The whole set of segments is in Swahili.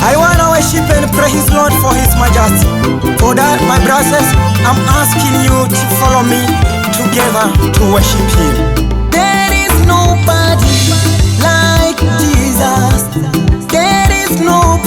I want to worship and praise Lord for His majesty. For that, my brothers, I'm asking you to follow me together to worship Him. There is nobody like Jesus. There is nobody.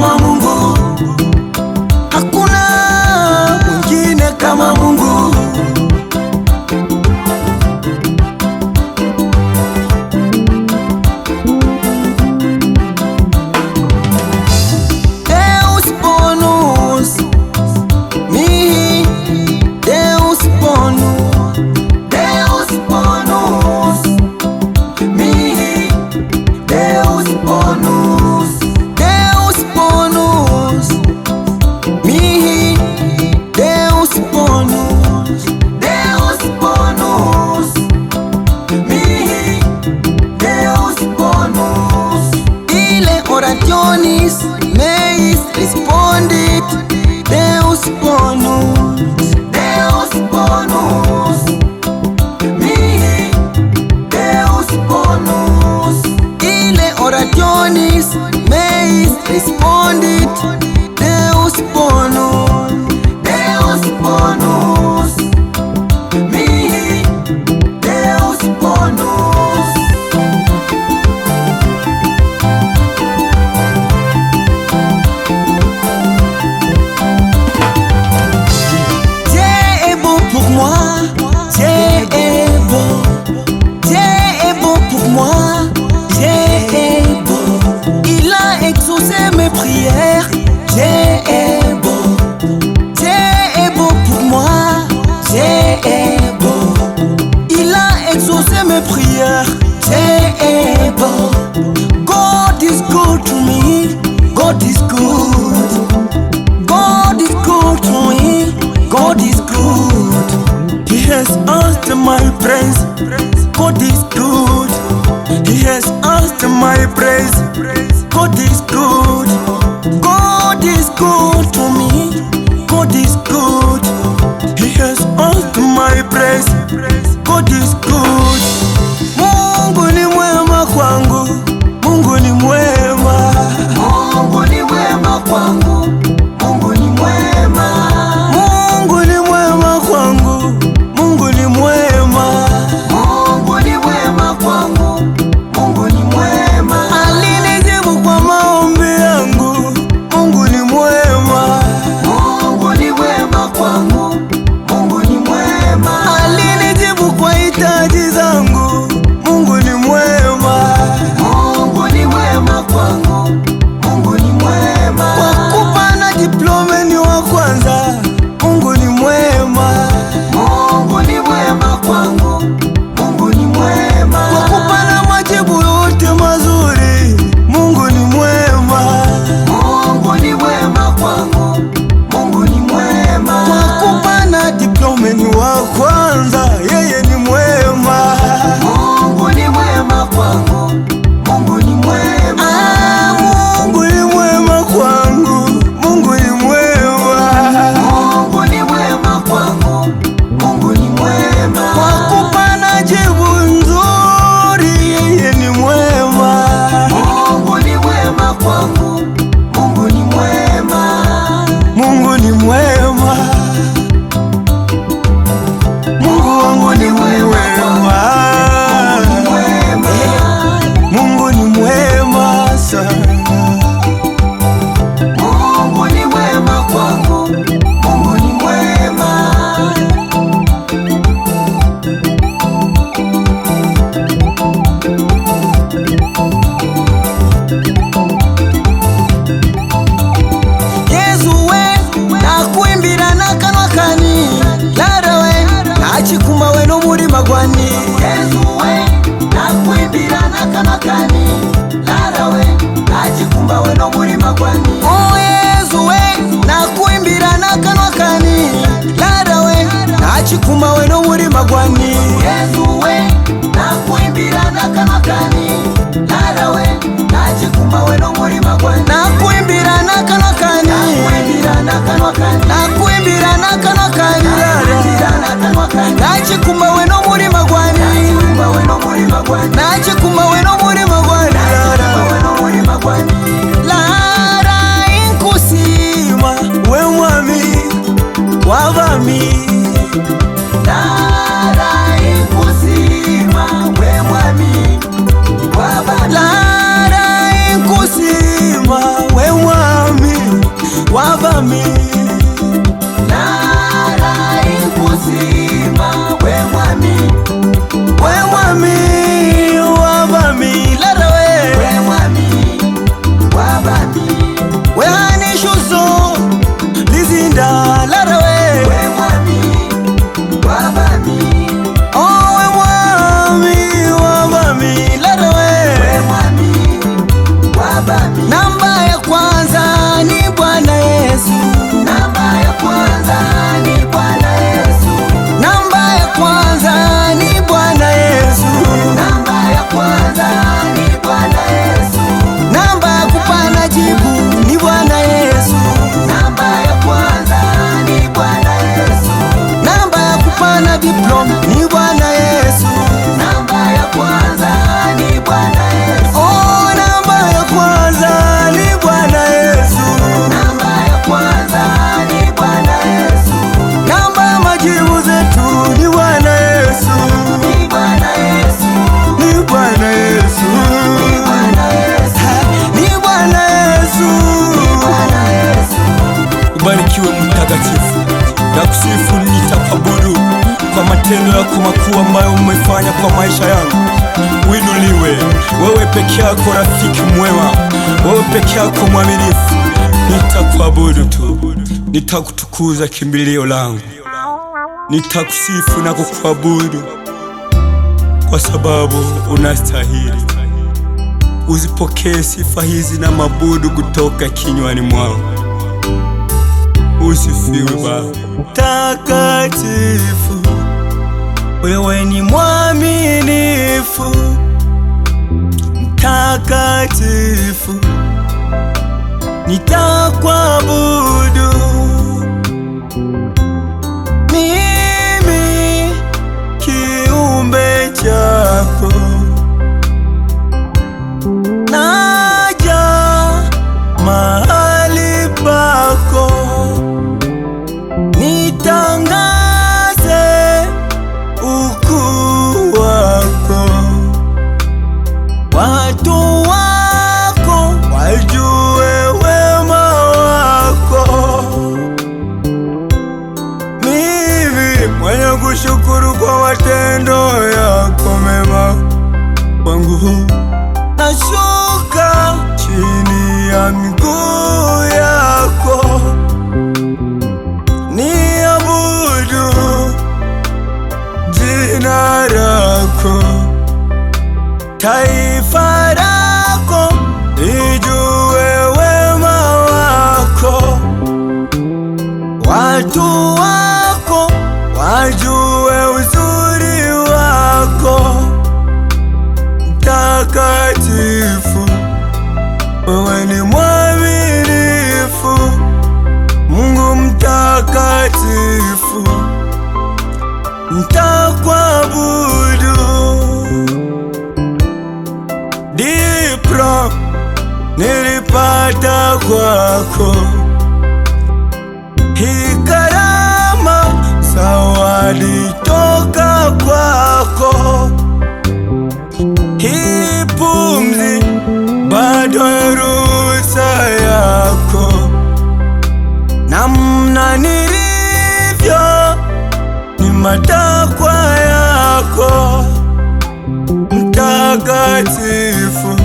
uma Christ. praise. God is good. He has answered my praise. God is good. God is good to me. God is good. Oh Yesu we nakuimbira nakanwa kani larawe nachikumawe nomurima gwani Yesu we nakuimbira nakanwa kani larawe nakanwa kani nakuimbira nakanwa kani larawe makuu ambayo umefanya kwa maisha yangu. Winuliwe wewe peke yako, rafiki mwema, wewe peke yako mwaminifu. Nitakuabudu tu, nitakutukuza kimbilio langu, nitakusifu na kukuabudu kwa sababu unastahili. Uzipokee sifa hizi na mabudu kutoka kinywani mwao. Usifiwe Baba takatifu. Wewe ni mwaminifu, mtakatifu, nitakuabudu watu wako wajue wema wako. Mimi mwenye kushukuru kwa matendo yako mema kwangu, nashuka chini ya miguu yako niabudu jina lako tai nitakuabudu. Deep Rock nilipata kwako, hii karama zawadi matakwa yako mtakatifu,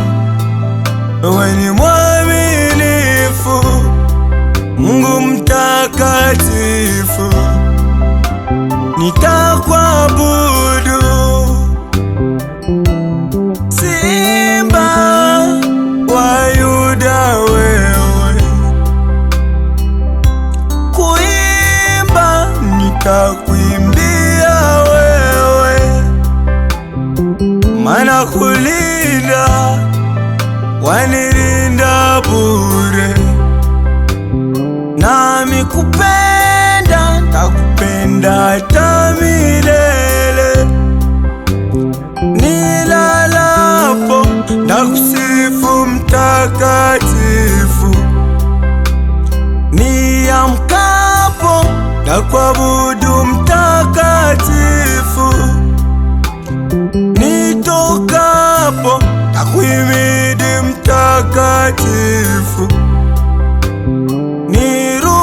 wewe ni mwaminifu, Mungu mtakatifu, nitakuabudu Simba wa Yuda na kulinda, wanirinda bure. Nami kupenda, takupenda hata milele. Nilalapo ndakusifu mtakatifu, niamkapo ndakuabudu kuhimidi mtakatifu. Nirudipo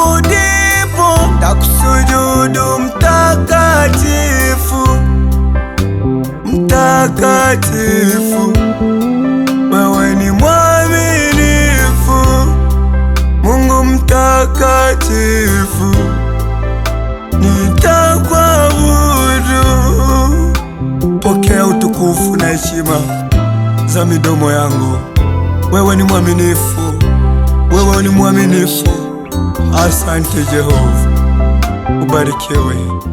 takusujudu mtakatifu, mtakatifu wewe ni mwaminifu, Mungu mtakatifu nitakuabudu. Pokea utukufu na heshima za midomo yangu. Wewe ni mwaminifu, wewe ni mwaminifu. Asante Jehova, ubarikiwe.